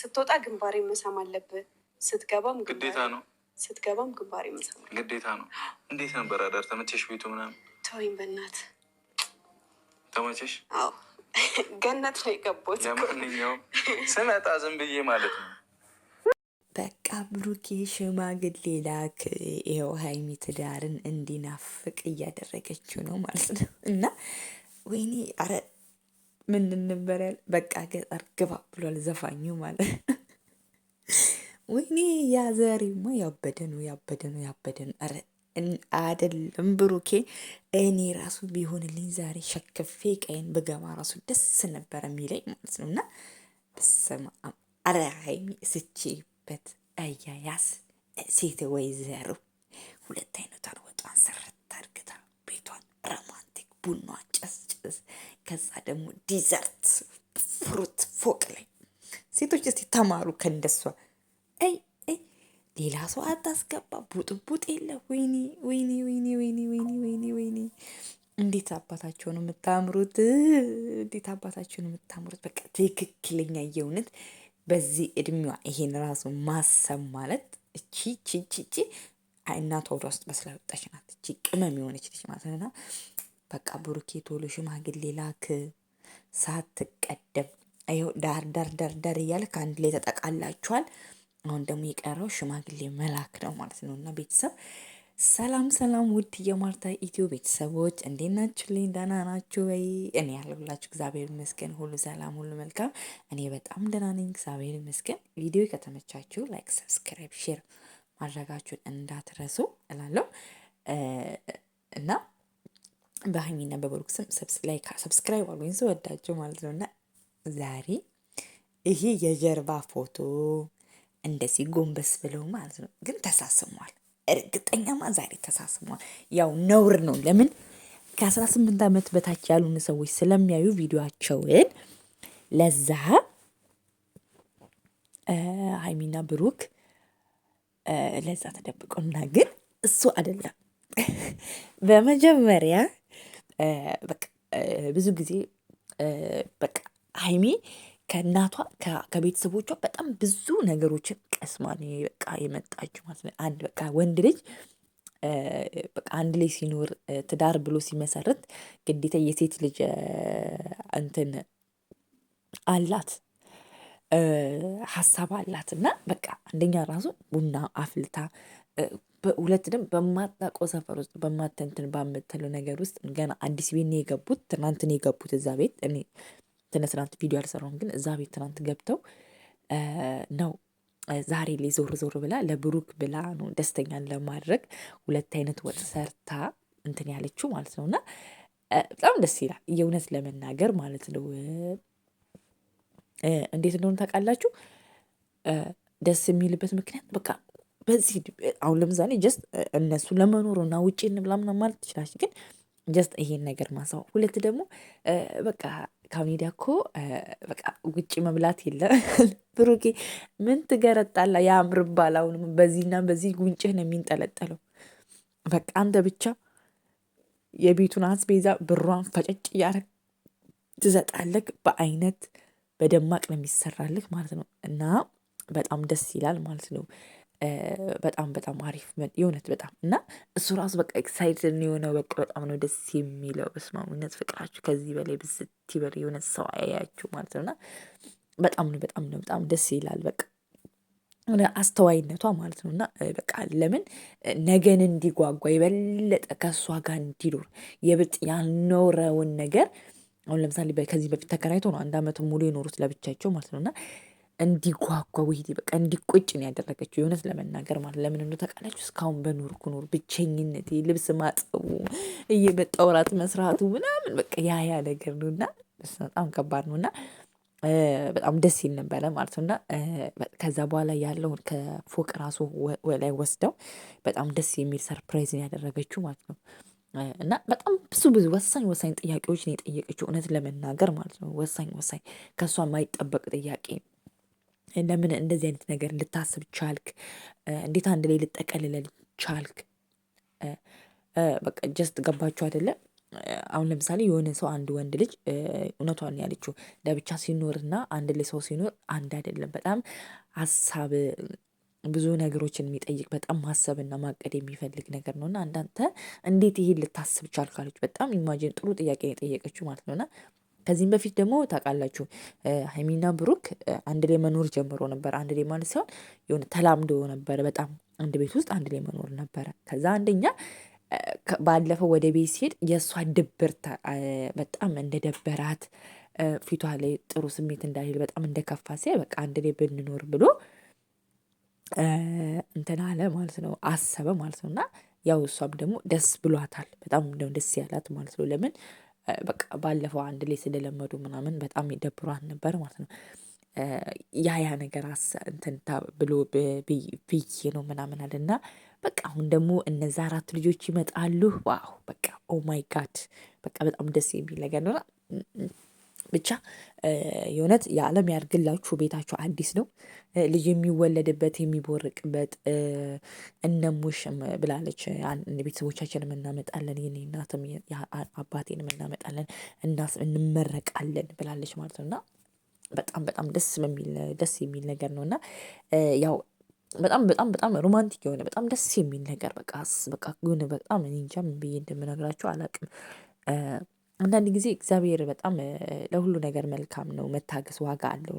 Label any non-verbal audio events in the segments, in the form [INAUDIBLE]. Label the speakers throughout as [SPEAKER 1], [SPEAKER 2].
[SPEAKER 1] ስትወጣ ግንባሬ መሳም አለብህ። ስትገባም ግዴታ ነው። ስትገባም ግንባሬ መሳም
[SPEAKER 2] ግዴታ ነው። እንዴት ነበር አዳር? ተመቸሽ? ቤቱ ምናምን?
[SPEAKER 1] ተወይም በእናት ተመቸሽ? አዎ [LAUGHS] ገነት ነው የገባሁት።
[SPEAKER 2] ለማንኛውም ስመጣ ዝም ብዬ ማለት ነው
[SPEAKER 1] በቃ ብሩኬ ሽማግሌ ላክ። ይኸው ሀይሚ ትዳርን እንዲናፍቅ እያደረገችው ነው ማለት ነው እና ወይኔ አረ ምን ልንበር ያለ በቃ ገጠር ግባ ብሏል ዘፋኙ ማለት ወይኔ ያ ዘሬማ ያበደ ነው ያበደ ነው ያበደ ነው። ኧረ አይደለም ብሩኬ፣ እኔ ራሱ ቢሆንልኝ ዛሬ ሸክፌ ቀይን ብገባ ራሱ ደስ ነበረ የሚለኝ ማለት ነው። እና በስመ አብ ኧረ ሀይሚ ስቼበት አያያስ ሴት ወይዘሮ ሁለት አይነቷን ወጧን ስረት አድርግታ ቤቷን ሮማንቲክ ቡና ከዛ ደግሞ ዲዘርት ፍሩት ፎቅ ላይ ሴቶች እስቲ ተማሩ ከእንደሷ። አይ አይ ሌላ ሰው አታስገባ፣ ቡጥቡጥ የለ። ወይኔ ወይኔ ወይኔ ወይኔ ወይኔ ወይኔ ወይኔ! እንዴት አባታቸው ነው የምታምሩት! እንዴት አባታቸው ነው የምታምሩት! በቃ ትክክለኛ የእውነት በዚህ እድሜዋ ይሄን ራሱ ማሰብ ማለት እቺ ቺ ቺ እናቷ ወደ ውስጥ በስላ ወጣች ናት። እቺ ቅመም የሆነች ልጅ ማለት ነውና በቃ ብሩኬ ቶሎ ሽማግሌ ላክ ሳትቀደም ይኸው ዳር ዳር ዳር ዳር እያለ ከአንድ ላይ ተጠቃላችኋል። አሁን ደግሞ የቀረው ሽማግሌ መላክ ነው ማለት ነው። እና ቤተሰብ ሰላም ሰላም፣ ውድ የማርታ ኢትዮ ቤተሰቦች እንዴት ናችሁልኝ? ደህና ናችሁ ወይ? እኔ ያለሁላችሁ እግዚአብሔር ይመስገን፣ ሁሉ ሰላም፣ ሁሉ መልካም። እኔ በጣም ደህና ነኝ፣ እግዚአብሔር ይመስገን። ቪዲዮ ከተመቻችሁ ላይክ፣ ሰብስክራይብ፣ ሼር ማድረጋችሁን እንዳትረሱ እላለሁ እና በሀይሚና በብሩክ ስም ሰብስክራይብ አርጉኝ ስወዳቸው ማለት ነው። እና ዛሬ ይሄ የጀርባ ፎቶ እንደዚህ ጎንበስ ብለው ማለት ነው። ግን ተሳስሟል፣ እርግጠኛማ ዛሬ ተሳስሟል። ያው ነውር ነው። ለምን ከአስራ ስምንት ዓመት በታች ያሉን ሰዎች ስለሚያዩ ቪዲዮቸውን ለዛ ሀይሚና ብሩክ ለዛ ተደብቆና ግን እሱ አይደለም በመጀመሪያ ብዙ ጊዜ በቃ ሀይሚ ከእናቷ ከቤተሰቦቿ በጣም ብዙ ነገሮችን ቀስማ ነው በቃ የመጣችው ማለት ነው። አንድ በቃ ወንድ ልጅ በቃ አንድ ላይ ሲኖር ትዳር ብሎ ሲመሰርት ግዴታ የሴት ልጅ እንትን አላት ሀሳብ አላት እና በቃ አንደኛ ራሱ ቡና አፍልታ ሁለት ደግሞ በማታውቀው ሰፈር ውስጥ በማተንትን ባምትለው ነገር ውስጥ ገና አዲስ ቤት ነው የገቡት። ትናንት ነው የገቡት እዛ ቤት። እኔ ትነ ትናንት ቪዲዮ አልሰራሁም፣ ግን እዛ ቤት ትናንት ገብተው ነው ዛሬ ላይ ዞር ዞር ብላ ለብሩክ ብላ ነው ደስተኛን ለማድረግ ሁለት አይነት ወጥ ሰርታ እንትን ያለችው ማለት ነው። እና በጣም ደስ ይላል የእውነት ለመናገር ማለት ነው። እንዴት እንደሆነ ታውቃላችሁ ደስ የሚልበት ምክንያት በቃ በዚህ አሁን ለምሳሌ ጀስት እነሱ ለመኖሩ እና ውጭ እንብላ ምናምን ማለት ትችላለች። ግን ጀስት ይሄን ነገር ማሳወቅ። ሁለት ደግሞ በቃ ካሜዲያ እኮ በቃ ውጭ መብላት የለም [LAUGHS] ብሩኬ ምን ትገረጣላ? ባል አሁንም በዚህና በዚህ ጉንጭህ ነው የሚንጠለጠለው። በቃ አንተ ብቻ የቤቱን አስቤዛ ብሯን ፈጨጭ እያደረግ ትሰጣለህ። በአይነት በደማቅ ነው የሚሰራልህ ማለት ነው እና በጣም ደስ ይላል ማለት ነው። በጣም በጣም አሪፍ የእውነት በጣም እና እሱ ራሱ በቃ ኤክሳይትድ የሆነው በቃ በጣም ነው ደስ የሚለው። በስማሙነት ፍቅራችሁ ከዚህ በላይ ብስት ይበል። የእውነት ሰው አያያችሁ ማለት ነው እና በጣም ነው በጣም ነው በጣም ደስ ይላል። በቃ አስተዋይነቷ ማለት ነው እና በቃ ለምን ነገን እንዲጓጓ የበለጠ ከእሷ ጋር እንዲኖር የብጥ ያልኖረውን ነገር አሁን ለምሳሌ ከዚህ በፊት ተከራይቶ ነው አንድ አመት ሙሉ የኖሩት ለብቻቸው ማለት ነው እና እንዲጓጓ ውሂዴ በቃ እንዲቆጭ ነው ያደረገችው። የእውነት ለመናገር ማለት ለምን እንደ ተቃላችሁ እስካሁን በኖርኩ ኖር ብቸኝነት ልብስ ማጠቡ፣ እየመጣው ራት መስራቱ ምናምን በቃ ያ ያ ነገር ነው እና በጣም ከባድ ነው እና በጣም ደስ ይል ነበረ ማለት ነው እና ከዛ በኋላ ያለውን ከፎቅ ራሱ ላይ ወስደው በጣም ደስ የሚል ሰርፕራይዝ ነው ያደረገችው ማለት ነው እና በጣም ብዙ ብዙ ወሳኝ ወሳኝ ጥያቄዎች ነው የጠየቀችው እውነት ለመናገር ማለት ነው። ወሳኝ ወሳኝ ከእሷ የማይጠበቅ ጥያቄ ለምን እንደዚህ አይነት ነገር ልታስብ ቻልክ? እንዴት አንድ ላይ ልጠቀልለል ቻልክ? በቃ ጀስት ገባችሁ አይደለ? አሁን ለምሳሌ የሆነ ሰው አንድ ወንድ ልጅ እውነቷን ያለችው ለብቻ ሲኖርና አንድ ላይ ሰው ሲኖር አንድ አይደለም። በጣም ሀሳብ ብዙ ነገሮችን የሚጠይቅ በጣም ማሰብና ማቀድ የሚፈልግ ነገር ነው። እና አንዳንተ እንዴት ይሄን ልታስብ ቻልካለች? በጣም ኢማጂን ጥሩ ጥያቄ የጠየቀችው ማለት ነው እና ከዚህም በፊት ደግሞ ታውቃላችሁ ሀይሚና ብሩክ አንድ ላይ መኖር ጀምሮ ነበር። አንድ ላይ ማለት ሲሆን የሆነ ተላምዶ ነበረ። በጣም አንድ ቤት ውስጥ አንድ ላይ መኖር ነበረ። ከዛ አንደኛ ባለፈው ወደ ቤት ሲሄድ የእሷ ድብርት በጣም እንደደበራት ፊቷ ላይ ጥሩ ስሜት እንዳልል በጣም እንደከፋ ሲያይ በቃ አንድ ላይ ብንኖር ብሎ እንትን አለ ማለት ነው፣ አሰበ ማለት ነው። እና ያው እሷም ደግሞ ደስ ብሏታል። በጣም ደስ ያላት ማለት ነው። ለምን በቃ ባለፈው አንድ ላይ ስለለመዱ ምናምን በጣም ይደብሯን ነበር ማለት ነው። ያ ያ ነገር እንትን ብሎ ብዬ ነው ምናምን አለና በቃ አሁን ደግሞ እነዛ አራት ልጆች ይመጣሉ። ዋው በቃ ኦ ማይ ጋድ በቃ በጣም ደስ የሚል ነገር ነው። ብቻ የእውነት የዓለም ያድርግላችሁ። ቤታችሁ አዲስ ነው። ልጅ የሚወለድበት የሚቦርቅበት። እነሙሽም ብላለች ቤተሰቦቻችን የምናመጣለን፣ የኔ እናትም አባቴን የምናመጣለን፣ እናስ እንመረቃለን ብላለች ማለት ነው። እና በጣም በጣም ደስ በሚል ደስ የሚል ነገር ነው። እና ያው በጣም በጣም በጣም ሮማንቲክ የሆነ በጣም ደስ የሚል ነገር በቃ በቃ የሆነ በጣም እኔ እንጃ ምን ብዬ እንደምነግራቸው አላቅም። አንዳንድ ጊዜ እግዚአብሔር በጣም ለሁሉ ነገር መልካም ነው መታገስ ዋጋ አለው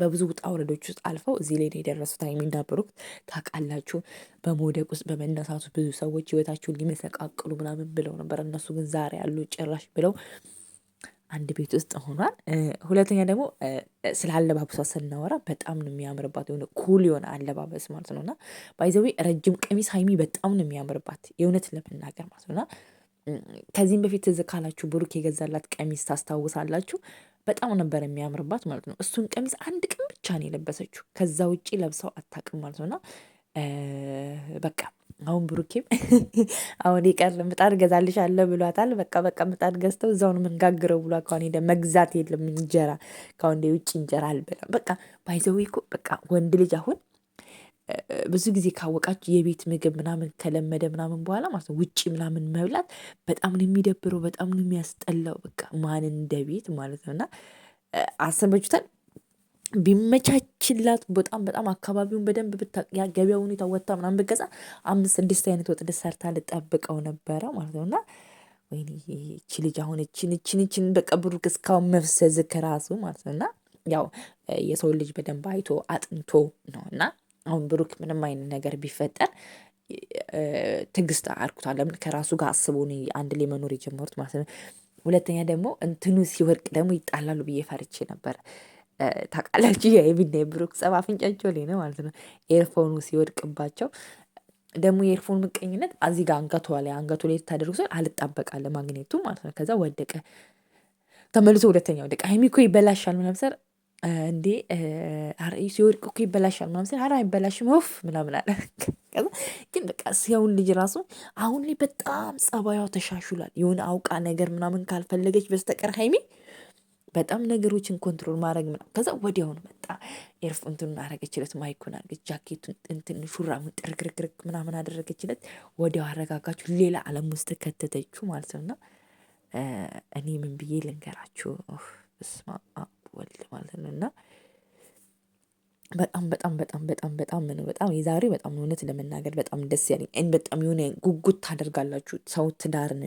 [SPEAKER 1] በብዙ ውጣ ውረዶች ውስጥ አልፈው እዚህ ላይ ነው የደረሱት ሀይሚና ብሩክ ታውቃላችሁ። በመውደቅ ውስጥ በመነሳቱ ብዙ ሰዎች ህይወታቸውን ሊመሰቃቅሉ ምናምን ብለው ነበር። እነሱ ግን ዛሬ ያሉ ጭራሽ ብለው አንድ ቤት ውስጥ ሆኗል። ሁለተኛ ደግሞ ስለ አለባበሷ ስናወራ በጣም ነው የሚያምርባት፣ የሆነ ኩል የሆነ አለባበስ ማለት ነው እና ባይዘዌ ረጅም ቀሚስ ሀይሚ በጣም ነው የሚያምርባት የእውነት ለመናገር ማለት ነው እና ከዚህም በፊት ትዝ ካላችሁ ብሩክ የገዛላት ቀሚስ ታስታውሳላችሁ። በጣም ነበር የሚያምርባት ማለት ነው። እሱን ቀሚስ አንድ ቀን ብቻ ነው የለበሰችው። ከዛ ውጭ ለብሰው አታውቅም ማለት ነውና በቃ አሁን ብሩኬም [LAUGHS] አሁን ይቀር ምጣድ ገዛልሽ አለ ብሏታል። በቃ በቃ ምጣድ ገዝተው እዛውን የምንጋግረው ብሏ ከሁን ሄደ መግዛት የለም እንጀራ ከአሁን ውጭ እንጀራ አልበላም። በቃ ባይዘዊ እኮ በቃ ወንድ ልጅ አሁን ብዙ ጊዜ ካወቃችሁ የቤት ምግብ ምናምን ከለመደ ምናምን በኋላ ማለት ነው ውጭ ምናምን መብላት በጣም ነው የሚደብረው፣ በጣም ነው የሚያስጠላው። በቃ ማን እንደ ቤት ማለት ነው እና አሰበችታል ቢመቻችላት በጣም በጣም አካባቢውን በደንብ ገበያ ሁኔታ ወጥታ ምናምን ብገዛ አምስት ስድስት አይነት ወጥ ሰርታ ልጠብቀው ነበረ ማለት ነው እና ወይኔ ይቺ ልጅ አሁን እችን እችን እችን በቃ ብሩክ እስካሁን መፍሰዝ ከራሱ ማለት ነው እና ያው የሰው ልጅ በደንብ አይቶ አጥንቶ ነው እና አሁን ብሩክ ምንም አይነት ነገር ቢፈጠር ትግስት አርኩታል። ለምን ከራሱ ጋር አስቦ አንድ ላይ መኖር የጀመሩት ማለት ነው። ሁለተኛ ደግሞ እንትኑ ሲወርቅ ደግሞ ይጣላሉ ብዬ ፈርቼ ነበር። ታውቃላችሁ፣ የሀይሚና የብሩክ ጸብ አፍንጫቸው ላይ ነው ማለት ነው። ኤርፎኑ ሲወድቅባቸው ደግሞ የኤርፎን ምቀኝነት እዚህ ጋር አንገቷ ላይ አንገቱ ላይ ተደርጉ ሲሆን አልጣበቃለ ማግኔቱ ማለት ነው። ከዛ ወደቀ ተመልሶ ሁለተኛ ወደቀ። ሀይሚ እኮ ይበላሻል ምናምን እንዴ አርኤ ሲወድቅ እኮ ይበላሻል ምናምን ሲል ኧረ አይበላሽም ወፍ ምናምን አለ። [LAUGHS] ግን በቃ ሲያውን ልጅ ራሱ አሁን ላይ በጣም ጸባያው ተሻሽሏል። የሆነ አውቃ ነገር ምናምን ካልፈለገች በስተቀር ሀይሚ በጣም ነገሮችን ኮንትሮል ማድረግ ምናምን። ከዛ ወዲያውን መጣ ኤርፍ እንትኑን አረገችለት፣ ማይኩን አረገች፣ ጃኬቱን እንትን ሹራሙን ጥርግርግርግ ምናምን አደረገችለት። ወዲያው አረጋጋችሁ፣ ሌላ ዓለም ውስጥ ከተተችው ማለት ነውና እኔ ምን ብዬ ልንገራችሁ ስማ ወልድ ማለት ነው። እና በጣም በጣም በጣም በጣም በጣም ነው በጣም የዛሬ በጣም እውነት ለመናገር በጣም ደስ ያለኝ በጣም የሆነ ጉጉት ታደርጋላችሁ ሰው ትዳርን